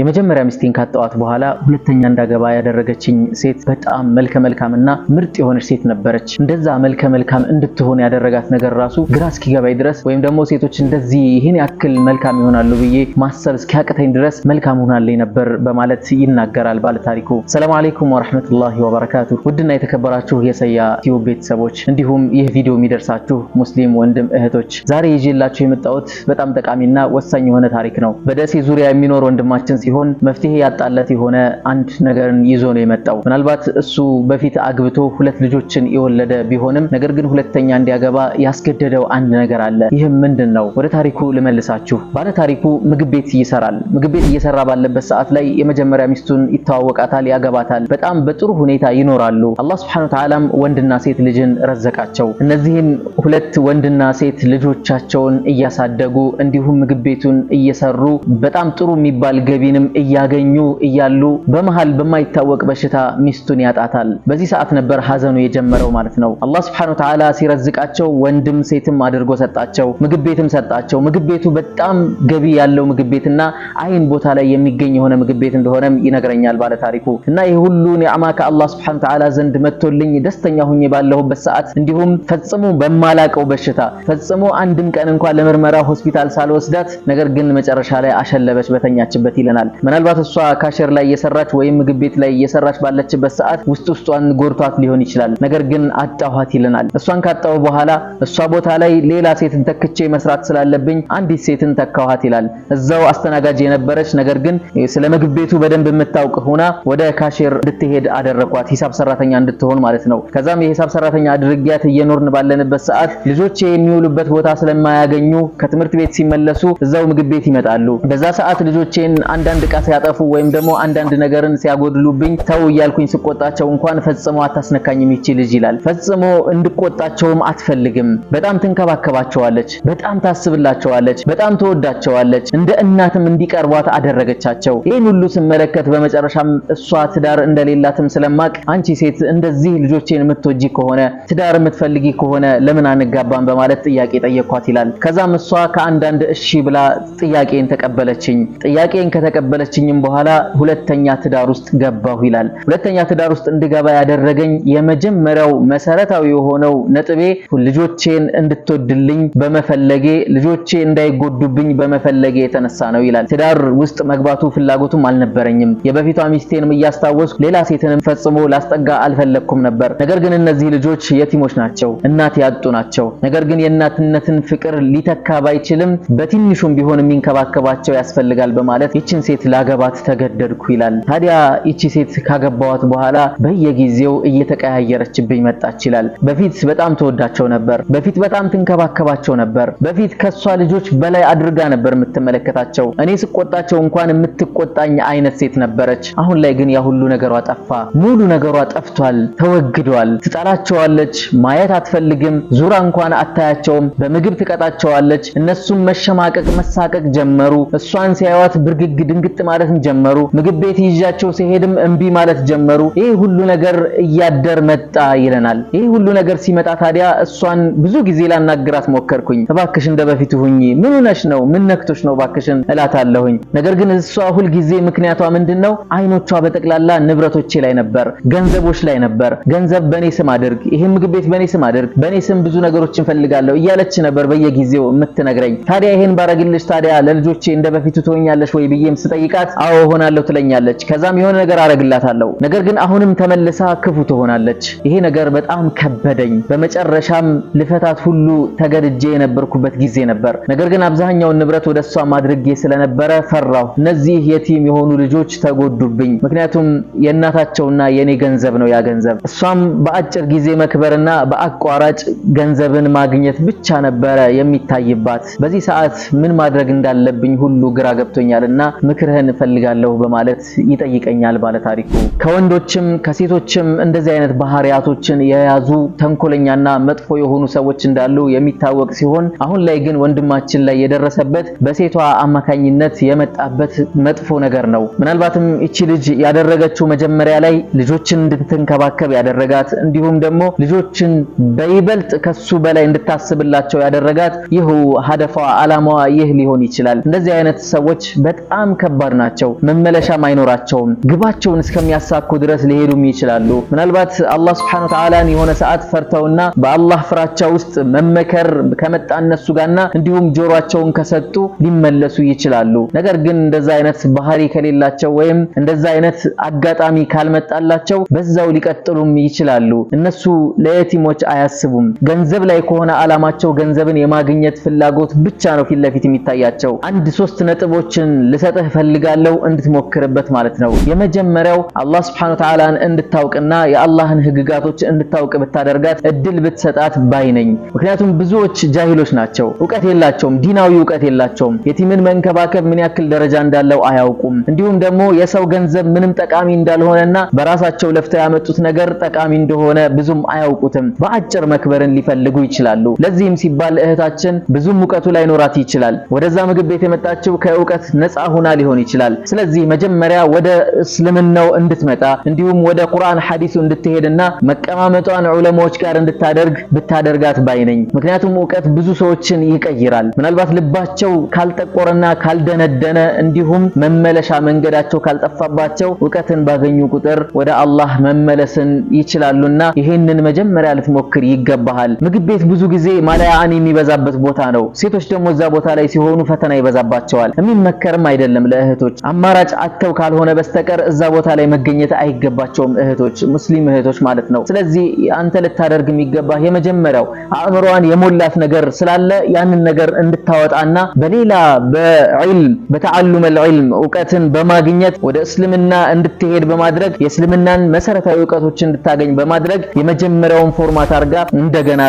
የመጀመሪያ ሚስቴን ካጣዋት በኋላ ሁለተኛ እንዳገባ ያደረገችኝ ሴት በጣም መልከ መልካምና ምርጥ የሆነች ሴት ነበረች። እንደዛ መልከ መልካም እንድትሆን ያደረጋት ነገር ራሱ ግራ እስኪገባኝ ድረስ ወይም ደግሞ ሴቶች እንደዚህ ይህን ያክል መልካም ይሆናሉ ብዬ ማሰብ እስኪያቅተኝ ድረስ መልካም ሆናለኝ ነበር በማለት ይናገራል ታሪኩ። ሰላም አለይኩም ወራህመቱላሂ ወበረካቱ። ውድና የተከበራችሁ የሰያ ቲዩብ ቤተሰቦች እንዲሁም ይህ ቪዲዮ የሚደርሳችሁ ሙስሊም ወንድም እህቶች ዛሬ ይዤላችሁ የመጣሁት በጣም ጠቃሚና ወሳኝ የሆነ ታሪክ ነው። በደሴ ዙሪያ የሚኖር ወንድማችን ሲሆን መፍትሄ ያጣለት የሆነ አንድ ነገርን ይዞ ነው የመጣው። ምናልባት እሱ በፊት አግብቶ ሁለት ልጆችን የወለደ ቢሆንም ነገር ግን ሁለተኛ እንዲያገባ ያስገደደው አንድ ነገር አለ። ይህም ምንድን ነው? ወደ ታሪኩ ልመልሳችሁ። ባለ ታሪኩ ምግብ ቤት ይሰራል። ምግብ ቤት እየሰራ ባለበት ሰዓት ላይ የመጀመሪያ ሚስቱን ይተዋወቃታል፣ ያገባታል። በጣም በጥሩ ሁኔታ ይኖራሉ። አላህ ሱብሐነሁ ወተዓላም ወንድና ሴት ልጅን ረዘቃቸው። እነዚህን ሁለት ወንድና ሴት ልጆቻቸውን እያሳደጉ እንዲሁም ምግብ ቤቱን እየሰሩ በጣም ጥሩ የሚባል ገቢን ወይንም እያገኙ እያሉ በመሃል በማይታወቅ በሽታ ሚስቱን ያጣታል። በዚህ ሰዓት ነበር ሀዘኑ የጀመረው ማለት ነው። አላህ ሱብሓነሁ ወተዓላ ሲረዝቃቸው ወንድም ሴትም አድርጎ ሰጣቸው፣ ምግብ ቤትም ሰጣቸው። ምግብ ቤቱ በጣም ገቢ ያለው ምግብ ቤትና አይን ቦታ ላይ የሚገኝ የሆነ ምግብ ቤት እንደሆነም ይነግረኛል ባለ ታሪኩ እና ይህ ሁሉ ኒዕማ ከአላህ ሱብሓነሁ ወተዓላ ዘንድ መጥቶልኝ ደስተኛ ሁኜ ባለሁበት ሰዓት እንዲሁም ፈጽሞ በማላቀው በሽታ ፈጽሞ አንድም ቀን እንኳን ለምርመራ ሆስፒታል ሳልወስዳት ነገር ግን መጨረሻ ላይ አሸለበች በተኛችበት ይለናል። ይሆናል። ምናልባት እሷ ካሸር ላይ እየሰራች ወይም ምግብ ቤት ላይ እየሰራች ባለችበት ሰዓት ውስጥ ውስጧን ጎርቷት ሊሆን ይችላል። ነገር ግን አጣኋት ይለናል። እሷን ካጣው በኋላ እሷ ቦታ ላይ ሌላ ሴትን ተክቼ መስራት ስላለብኝ አንዲት ሴትን ተካኋት ይላል። እዛው አስተናጋጅ የነበረች ነገር ግን ስለ ምግብ ቤቱ በደንብ የምታውቅ ሆና ወደ ካሼር እንድትሄድ አደረኳት፣ ሂሳብ ሰራተኛ እንድትሆን ማለት ነው። ከዛም የሂሳብ ሰራተኛ አድርጊያት እየኖርን ባለንበት ሰዓት ልጆቼ የሚውሉበት ቦታ ስለማያገኙ ከትምህርት ቤት ሲመለሱ እዛው ምግብ ቤት ይመጣሉ። በዛ ሰዓት ልጆቼን አንዳ አንዳንድ እቃ ሲያጠፉ ወይም ደግሞ አንዳንድ ነገርን ሲያጎድሉብኝ ተው እያልኩኝ ስቆጣቸው እንኳን ፈጽሞ አታስነካኝም ይቺ ልጅ ይላል። ፈጽሞ እንድቆጣቸውም አትፈልግም። በጣም ትንከባከባቸዋለች፣ በጣም ታስብላቸዋለች፣ በጣም ትወዳቸዋለች። እንደ እናትም እንዲቀርቧት አደረገቻቸው። ይህን ሁሉ ስመለከት በመጨረሻም እሷ ትዳር እንደሌላትም ስለማቅ አንቺ ሴት እንደዚህ ልጆቼን የምትወጂ ከሆነ ትዳር የምትፈልጊ ከሆነ ለምን አንጋባም በማለት ጥያቄ ጠየኳት ይላል። ከዛም እሷ ከአንዳንድ እሺ ብላ ጥያቄን ተቀበለችኝ። ጥያቄን ከተቀበለች ከተቀበለችኝም በኋላ ሁለተኛ ትዳር ውስጥ ገባሁ ይላል። ሁለተኛ ትዳር ውስጥ እንድገባ ያደረገኝ የመጀመሪያው መሰረታዊ የሆነው ነጥቤ ልጆቼን እንድትወድልኝ በመፈለጌ ልጆቼ እንዳይጎዱብኝ በመፈለጌ የተነሳ ነው ይላል። ትዳር ውስጥ መግባቱ ፍላጎቱም አልነበረኝም። የበፊቷ ሚስቴንም እያስታወስኩ ሌላ ሴትንም ፈጽሞ ላስጠጋ አልፈለግኩም ነበር። ነገር ግን እነዚህ ልጆች የቲሞች ናቸው፣ እናት ያጡ ናቸው። ነገር ግን የእናትነትን ፍቅር ሊተካ ባይችልም በትንሹም ቢሆን የሚንከባከባቸው ያስፈልጋል በማለት ይችን ሴት ሴት ላገባት ተገደድኩ ይላል። ታዲያ ይቺ ሴት ካገባዋት በኋላ በየጊዜው እየተቀያየረችብኝ መጣች ይላል። በፊት በጣም ተወዳቸው ነበር፣ በፊት በጣም ትንከባከባቸው ነበር፣ በፊት ከሷ ልጆች በላይ አድርጋ ነበር የምትመለከታቸው። እኔ ስቆጣቸው እንኳን የምትቆጣኝ አይነት ሴት ነበረች። አሁን ላይ ግን ያ ሁሉ ነገሯ ጠፋ፣ ሙሉ ነገሯ ጠፍቷል፣ ተወግዷል። ትጠላቸዋለች፣ ማየት አትፈልግም፣ ዙራ እንኳን አታያቸውም፣ በምግብ ትቀጣቸዋለች። እነሱም መሸማቀቅ መሳቀቅ ጀመሩ። እሷን ሲያዩት ብርግግ ደንግጥ ማለትን ጀመሩ። ምግብ ቤት ይዣቸው ሲሄድም እምቢ ማለት ጀመሩ። ይህ ሁሉ ነገር እያደር መጣ ይለናል። ይህ ሁሉ ነገር ሲመጣ ታዲያ እሷን ብዙ ጊዜ ላናግራት ሞከርኩኝ። እባክሽ እንደ በፊቱ ሁኚ፣ ምን ሆነሽ ነው? ምን ነክቶሽ ነው? እባክሽን እላታለሁኝ። ነገር ግን እሷ ሁልጊዜ ምክንያቷ ምንድን ነው? አይኖቿ በጠቅላላ ንብረቶቼ ላይ ነበር፣ ገንዘቦች ላይ ነበር። ገንዘብ በኔ ስም አድርግ፣ ይህን ምግብ ቤት በኔ ስም አድርግ፣ በኔ ስም ብዙ ነገሮች እንፈልጋለሁ እያለች ነበር በየጊዜው የምትነግረኝ። ታዲያ ይሄን ባረግልሽ ታዲያ ለልጆቼ እንደ በፊቱ ትሆኛለሽ ወይ ብዬም ስጠይቃት አዎ ሆናለሁ ትለኛለች። ከዛም የሆነ ነገር አረግላታለሁ። ነገር ግን አሁንም ተመልሳ ክፉ ትሆናለች። ይሄ ነገር በጣም ከበደኝ። በመጨረሻም ልፈታት ሁሉ ተገድጄ የነበርኩበት ጊዜ ነበር። ነገር ግን አብዛኛውን ንብረት ወደ እሷ ማድረጌ ስለነበረ ፈራሁ። እነዚህ የቲም የሆኑ ልጆች ተጎዱብኝ፣ ምክንያቱም የእናታቸውና የኔ ገንዘብ ነው ያ ገንዘብ። እሷም በአጭር ጊዜ መክበርና በአቋራጭ ገንዘብን ማግኘት ብቻ ነበረ የሚታይባት። በዚህ ሰዓት ምን ማድረግ እንዳለብኝ ሁሉ ግራ ገብቶኛልና ምክርህን እፈልጋለሁ በማለት ይጠይቀኛል ባለታሪኩ። ከወንዶችም ከሴቶችም እንደዚህ አይነት ባህሪያቶችን የያዙ ተንኮለኛና መጥፎ የሆኑ ሰዎች እንዳሉ የሚታወቅ ሲሆን አሁን ላይ ግን ወንድማችን ላይ የደረሰበት በሴቷ አማካኝነት የመጣበት መጥፎ ነገር ነው። ምናልባትም እቺ ልጅ ያደረገችው መጀመሪያ ላይ ልጆችን እንድትንከባከብ ያደረጋት እንዲሁም ደግሞ ልጆችን በይበልጥ ከሱ በላይ እንድታስብላቸው ያደረጋት ይህ ሀደፏ አላማዋ ይህ ሊሆን ይችላል። እንደዚህ አይነት ሰዎች በጣም ከባድ ናቸው። መመለሻም አይኖራቸውም። ግባቸውን እስከሚያሳኩ ድረስ ሊሄዱም ይችላሉ። ምናልባት አላህ ሱብሓነሁ ወተዓላን የሆነ ሰዓት ፈርተውና በአላህ ፍራቻ ውስጥ መመከር ከመጣ እነሱ ጋርና እንዲሁም ጆሮአቸውን ከሰጡ ሊመለሱ ይችላሉ። ነገር ግን እንደዛ አይነት ባህሪ ከሌላቸው ወይም እንደዛ አይነት አጋጣሚ ካልመጣላቸው በዛው ሊቀጥሉም ይችላሉ። እነሱ ለየቲሞች አያስቡም። ገንዘብ ላይ ከሆነ አላማቸው ገንዘብን የማግኘት ፍላጎት ብቻ ነው ፊት ለፊት የሚታያቸው። አንድ ሶስት ነጥቦችን ልሰጥህ እፈልጋለሁ እንድትሞክርበት ማለት ነው። የመጀመሪያው አላህ ሱብሓነሁ ወተዓላን እንድታውቅና የአላህን ህግጋቶች እንድታውቅ ብታደርጋት እድል ብትሰጣት ባይ ነኝ። ምክንያቱም ብዙዎች ጃሂሎች ናቸው፣ እውቀት የላቸውም፣ ዲናዊ እውቀት የላቸውም። የቲምን መንከባከብ ምን ያክል ደረጃ እንዳለው አያውቁም። እንዲሁም ደግሞ የሰው ገንዘብ ምንም ጠቃሚ እንዳልሆነና በራሳቸው ለፍተው ያመጡት ነገር ጠቃሚ እንደሆነ ብዙም አያውቁትም። በአጭር መክበርን ሊፈልጉ ይችላሉ። ለዚህም ሲባል እህታችን ብዙም እውቀቱ ላይኖራት ይችላል። ወደዛ ምግብ ቤት የመጣችው ከእውቀት ነፃ ሆና። ሊሆን ይችላል። ስለዚህ መጀመሪያ ወደ እስልምናው እንድትመጣ እንዲሁም ወደ ቁርአን ሐዲሱ እንድትሄድና መቀማመጧን ዑለማዎች ጋር እንድታደርግ ብታደርጋት ባይነኝ ምክንያቱም እውቀት ብዙ ሰዎችን ይቀይራል። ምናልባት ልባቸው ካልጠቆረና ካልደነደነ እንዲሁም መመለሻ መንገዳቸው ካልጠፋባቸው እውቀትን ባገኙ ቁጥር ወደ አላህ መመለስን ይችላሉና ይሄንን መጀመሪያ ልትሞክር ይገባሃል። ምግብ ቤት ብዙ ጊዜ ማላያአን የሚበዛበት ቦታ ነው። ሴቶች ደግሞ እዛ ቦታ ላይ ሲሆኑ ፈተና ይበዛባቸዋል። የሚመከርም አይደለም። እህቶች አማራጭ አተው ካልሆነ በስተቀር እዛ ቦታ ላይ መገኘት አይገባቸውም። እህቶች ሙስሊም እህቶች ማለት ነው። ስለዚህ አንተ ልታደርግ የሚገባ የመጀመሪያው አእምሮዋን የሞላት ነገር ስላለ ያንን ነገር እንድታወጣና በሌላ በዒልም በተዓሉም አልዕልም እውቀትን በማግኘት ወደ እስልምና እንድትሄድ በማድረግ የእስልምናን መሰረታዊ እውቀቶች እንድታገኝ በማድረግ የመጀመሪያውን ፎርማት አድርጋ እንደገና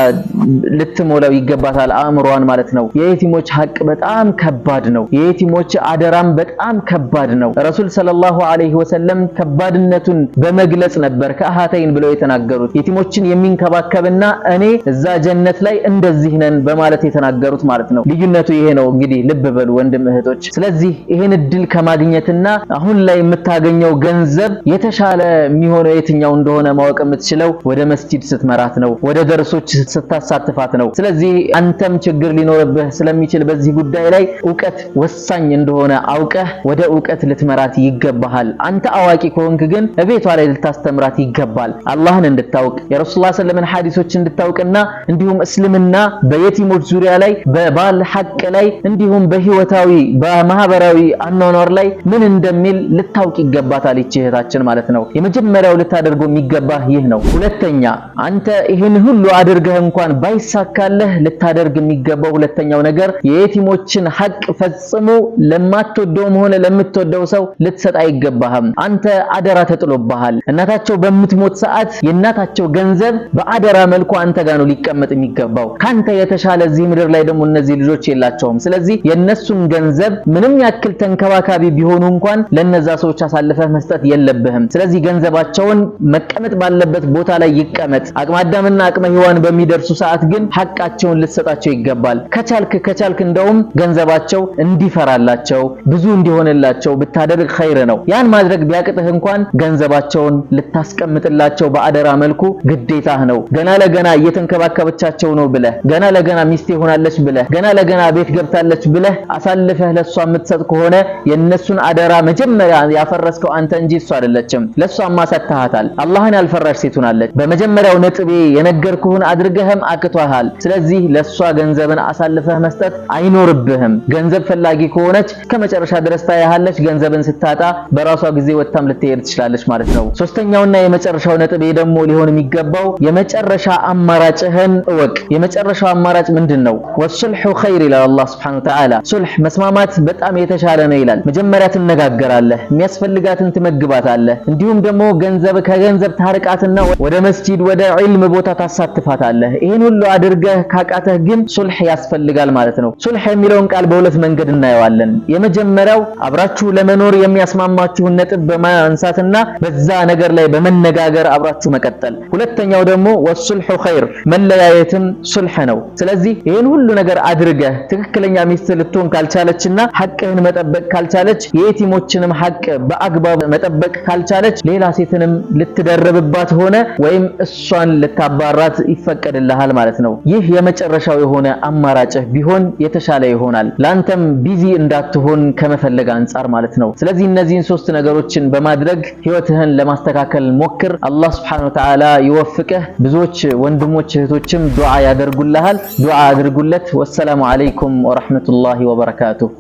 ልትሞላው ይገባታል፣ አእምሮዋን ማለት ነው። የየቲሞች ሀቅ በጣም ከባድ ነው። የየቲሞች አደራም በጣም በጣም ከባድ ነው። ረሱል ሰለላሁ ዐለይሂ ወሰለም ከባድነቱን በመግለጽ ነበር ከአሃተይን ብለው የተናገሩት የቲሞችን የሚንከባከብና እኔ እዛ ጀነት ላይ እንደዚህ ነን በማለት የተናገሩት ማለት ነው። ልዩነቱ ይሄ ነው። እንግዲህ ልብ በሉ ወንድም እህቶች። ስለዚህ ይሄን እድል ከማግኘትና አሁን ላይ የምታገኘው ገንዘብ የተሻለ የሚሆነው የትኛው እንደሆነ ማወቅ የምትችለው ወደ መስጂድ ስትመራት ነው፣ ወደ ደርሶች ስታሳትፋት ነው። ስለዚህ አንተም ችግር ሊኖርብህ ስለሚችል በዚህ ጉዳይ ላይ እውቀት ወሳኝ እንደሆነ አውቀ ይዘህ ወደ እውቀት ልትመራት ይገባሃል። አንተ አዋቂ ከሆንክ ግን እቤቷ ላይ ልታስተምራት ይገባል። አላህን እንድታውቅ የረሱል ሰለምን ሐዲሶች እንድታውቅና እንዲሁም እስልምና በየቲሞች ዙሪያ ላይ በባል ሐቅ ላይ እንዲሁም በህይወታዊ በማህበራዊ አኗኗር ላይ ምን እንደሚል ልታውቅ ይገባታል ይቺ እህታችን ማለት ነው። የመጀመሪያው ልታደርገው የሚገባህ ይህ ነው። ሁለተኛ አንተ ይህን ሁሉ አድርገህ እንኳን ባይሳካለህ ልታደርግ የሚገባው ሁለተኛው ነገር የየቲሞችን ሐቅ ፈጽሞ ለማትወደው ሆነ ለምትወደው ሰው ልትሰጥ አይገባህም። አንተ አደራ ተጥሎብሃል። እናታቸው በምትሞት ሰዓት የእናታቸው ገንዘብ በአደራ መልኩ አንተ ጋር ነው ሊቀመጥ የሚገባው። ካንተ የተሻለ እዚህ ምድር ላይ ደግሞ እነዚህ ልጆች የላቸውም። ስለዚህ የነሱን ገንዘብ ምንም ያክል ተንከባካቢ ቢሆኑ እንኳን ለነዛ ሰዎች አሳልፈህ መስጠት የለብህም። ስለዚህ ገንዘባቸውን መቀመጥ ባለበት ቦታ ላይ ይቀመጥ። አቅመ አዳምና አቅመ ሔዋን በሚደርሱ ሰዓት ግን ሀቃቸውን ልትሰጣቸው ይገባል። ከቻልክ ከቻልክ እንደውም ገንዘባቸው እንዲፈራላቸው ብዙ እንዲሆንላቸው ብታደርግ ኸይር ነው። ያን ማድረግ ቢያቅጥህ እንኳን ገንዘባቸውን ልታስቀምጥላቸው በአደራ መልኩ ግዴታህ ነው። ገና ለገና እየተንከባከበቻቸው ነው ብለህ ገና ለገና ሚስቴ ሆናለች ብለህ ገና ለገና ቤት ገብታለች ብለህ አሳልፈህ ለሷ የምትሰጥ ከሆነ የነሱን አደራ መጀመሪያ ያፈረስከው አንተ እንጂ እሷ አይደለችም። ለሷ ሰጥተሃታል። አላህን ያልፈራሽ ሴት ሆናለች። በመጀመሪያው ነጥቤ የነገርኩህን አድርገህም አቅቷሃል። ስለዚህ ለሷ ገንዘብን አሳልፈህ መስጠት አይኖርብህም። ገንዘብ ፈላጊ ከሆነች ከመጨረሻ ድረስ ታያለች። ገንዘብን ስታጣ በራሷ ጊዜ ወጥታም ልትሄድ ትችላለች ማለት ነው። ሶስተኛውና የመጨረሻው ነጥብ ደግሞ ሊሆን የሚገባው የመጨረሻ አማራጭህን እወቅ። የመጨረሻው አማራጭ ምንድን ነው? ወሱልሑ ኸይር ይላል አላህ ሱብሓነሁ ወተዓላ። ሱልሕ መስማማት በጣም የተሻለ ነው ይላል። መጀመሪያ ትነጋገራለህ፣ የሚያስፈልጋትን ትመግባታለህ። እንዲሁም ደግሞ ገንዘብ ከገንዘብ ታርቃትና ወደ መስጂድ ወደ ዒልም ቦታ ታሳትፋታለህ። ይህን ሁሉ አድርገህ ካቃተህ ግን ሱልሕ ያስፈልጋል ማለት ነው። ሱልሕ የሚለውን ቃል በሁለት መንገድ እናየዋለን። የመጀመሪያው ሌላው አብራችሁ ለመኖር የሚያስማማችሁን ነጥብ በማንሳትና በዛ ነገር ላይ በመነጋገር አብራችሁ መቀጠል። ሁለተኛው ደግሞ ወሱልሁ ኸይር፣ መለያየትም ሱልህ ነው። ስለዚህ ይህን ሁሉ ነገር አድርገህ ትክክለኛ ሚስት ልትሆን ካልቻለችና ሐቅህን መጠበቅ ካልቻለች፣ የየቲሞችንም ሐቅ በአግባብ መጠበቅ ካልቻለች፣ ሌላ ሴትንም ልትደረብባት ሆነ ወይም እሷን ልታባራት ይፈቀድልሃል ማለት ነው። ይህ የመጨረሻው የሆነ አማራጭህ ቢሆን የተሻለ ይሆናል። ላንተም ቢዚ እንዳትሆን ከመፈ ከመፈለግ አንጻር ማለት ነው። ስለዚህ እነዚህን ሶስት ነገሮችን በማድረግ ህይወትህን ለማስተካከል ሞክር። አላህ Subhanahu Wa ይወፍቅህ። ብዙዎች ወንድሞች እህቶችም ዱዓ ያደርጉልሃል። ዱዓ አድርጉለት። ወሰላሙ አለይኩም ወራህመቱላሂ ወበረካቱሁ